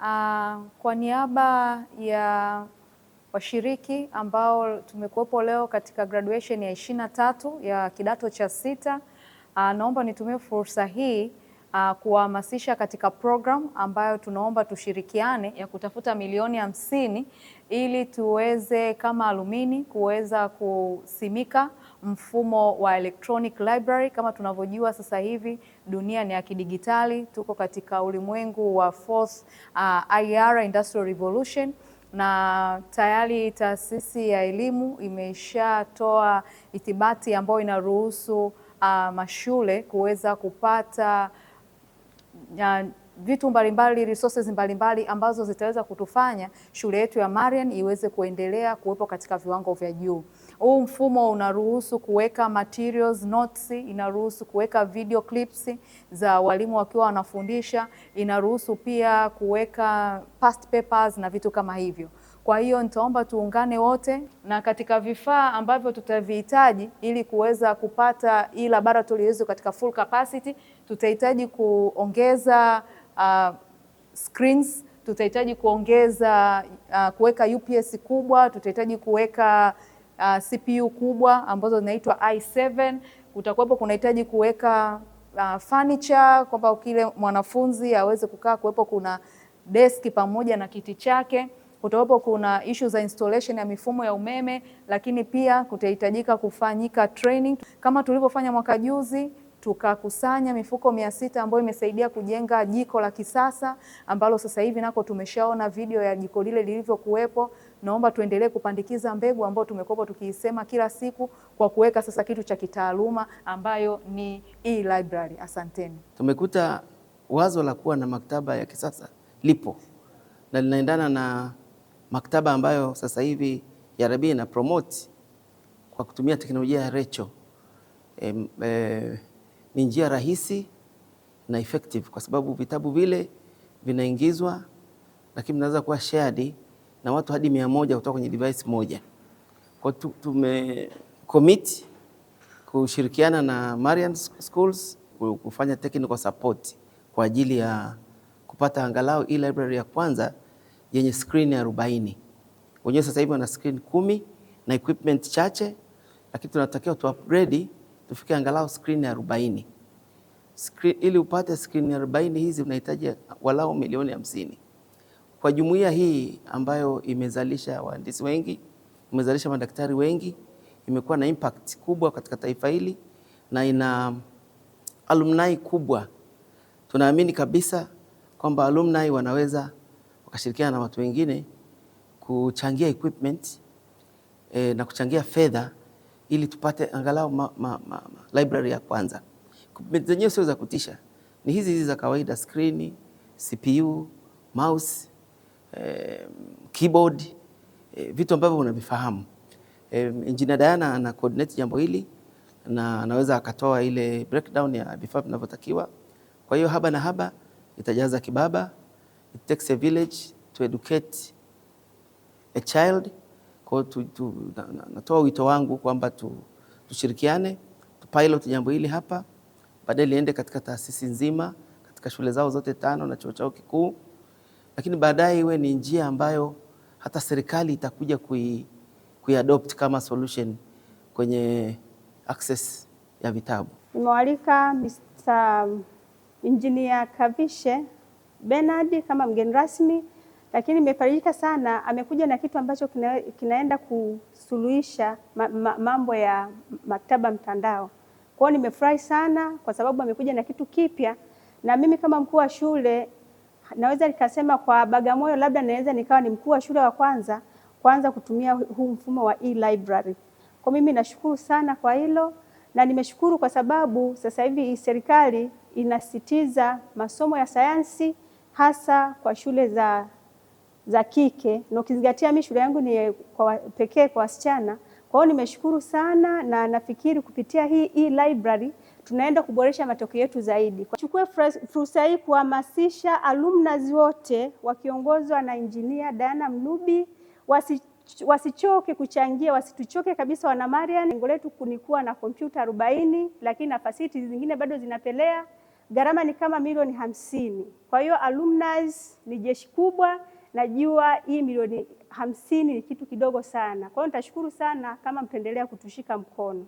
Uh, kwa niaba ya washiriki ambao tumekuwepo leo katika graduation ya ishirini na tatu ya kidato cha sita, uh, naomba nitumie fursa hii uh, kuwahamasisha katika program ambayo tunaomba tushirikiane ya kutafuta milioni hamsini ili tuweze kama alumini kuweza kusimika mfumo wa electronic library. Kama tunavyojua sasa hivi dunia ni ya kidigitali, tuko katika ulimwengu wa fourth uh, IR industrial revolution na tayari taasisi ya elimu imeshatoa itibati ambayo inaruhusu uh, mashule kuweza kupata uh, vitu mbalimbali resources mbalimbali ambazo zitaweza kutufanya shule yetu ya Marian iweze kuendelea kuwepo katika viwango vya juu. Huu mfumo unaruhusu kuweka materials notes, inaruhusu kuweka video clips za walimu wakiwa wanafundisha, inaruhusu pia kuweka past papers na vitu kama hivyo. Kwa hiyo nitaomba tuungane wote na katika vifaa ambavyo tutavihitaji ili kuweza kupata hii laboratory yetu katika full capacity, tutahitaji kuongeza uh, screens, tutahitaji kuongeza uh, kuweka UPS kubwa, tutahitaji kuweka uh, CPU kubwa ambazo zinaitwa i7. Kutakuwepo kunahitaji kuweka uh, furniture kwamba kile mwanafunzi aweze kukaa, kuwepo kuna deski pamoja na kiti chake Kutakuwepo kuna issue za installation ya mifumo ya umeme, lakini pia kutahitajika kufanyika training kama tulivyofanya mwaka juzi tukakusanya mifuko mia sita ambayo imesaidia kujenga jiko la kisasa ambalo sasa hivi nako tumeshaona video ya jiko lile lilivyokuwepo. Naomba tuendelee kupandikiza mbegu ambayo tumekuwa tukiisema kila siku kwa kuweka sasa kitu cha kitaaluma ambayo ni e-library. Asanteni. Tumekuta wazo la kuwa na maktaba ya kisasa lipo na linaendana na maktaba ambayo sasa hivi ya ina promote kwa kutumia teknolojia ya Recho e, e, ni njia rahisi na effective kwa sababu vitabu vile vinaingizwa, lakini vinaweza kuwa shared na watu hadi mia moja kutoka kwenye device moja. Kwa tume commit kushirikiana na Marian Schools kufanya technical support kwa ajili ya kupata angalau e library ya kwanza yenye skrini arobaini. Wenyewe sasa hivi wana skrini kumi na equipment chache, lakini tunatakiwa tu upgrade tufike angalau skrini arobaini. Screen, ili upate skrini arobaini hizi unahitaji walau milioni hamsini. Kwa jumuiya hii ambayo imezalisha wahandisi wengi, imezalisha madaktari wengi, imekuwa na impact kubwa katika taifa hili na ina alumni kubwa. Tunaamini kabisa kwamba alumni wanaweza wakashirikiana na watu wengine kuchangia equipment e, na kuchangia fedha ili tupate angalau ma, ma, ma, ma, library ya kwanza. Equipment zenyewe sio za kutisha, ni hizi hizi za kawaida: screen, CPU, mouse, e, keyboard, e, vitu ambavyo unavifahamu. E, Engineer Diana ana coordinate jambo hili na anaweza akatoa ile breakdown ya vifaa vinavyotakiwa. Kwa hiyo Haba na Haba itajaza kibaba. It takes a village to educate a child. Kwa tu, natoa wito wangu kwamba tushirikiane tu pilot jambo hili hapa, baadaye liende katika taasisi nzima, katika shule zao zote tano na chuo chao kikuu, lakini baadaye iwe ni njia ambayo hata serikali itakuja kui, adopt kama solution kwenye access ya vitabu. Nimewalika Mr. Engineer Kavishe Bernard kama mgeni rasmi, lakini imefarijika sana, amekuja na kitu ambacho kina, kinaenda kusuluhisha ma, ma, mambo ya maktaba mtandao. Kwa hiyo nimefurahi sana kwa sababu amekuja na kitu kipya, na mimi kama mkuu wa shule naweza nikasema kwa Bagamoyo labda naweza nikawa ni mkuu wa shule wa kwanza kwanza kutumia huu mfumo wa e-library. Kwa mimi nashukuru sana kwa hilo na nimeshukuru kwa sababu sasa hivi serikali inasitiza masomo ya sayansi hasa kwa shule za, za kike na ukizingatia mimi shule yangu ni kwa pekee kwa wasichana. Kwa hiyo nimeshukuru sana na nafikiri kupitia hii e-library tunaenda kuboresha matokeo yetu zaidi. Chukue fursa hii kuhamasisha alumnas wote wakiongozwa na Injinia Diana Mnubi wasi wasichoke kuchangia, wasituchoke kabisa wana Marian. Lengo letu ni kuwa na kompyuta arobaini, lakini nafasi zingine bado zinapelea gharama ni kama milioni hamsini. Kwa hiyo alumni ni jeshi kubwa, najua hii milioni hamsini ni kitu kidogo sana. Kwa hiyo nitashukuru sana kama mtaendelea kutushika mkono.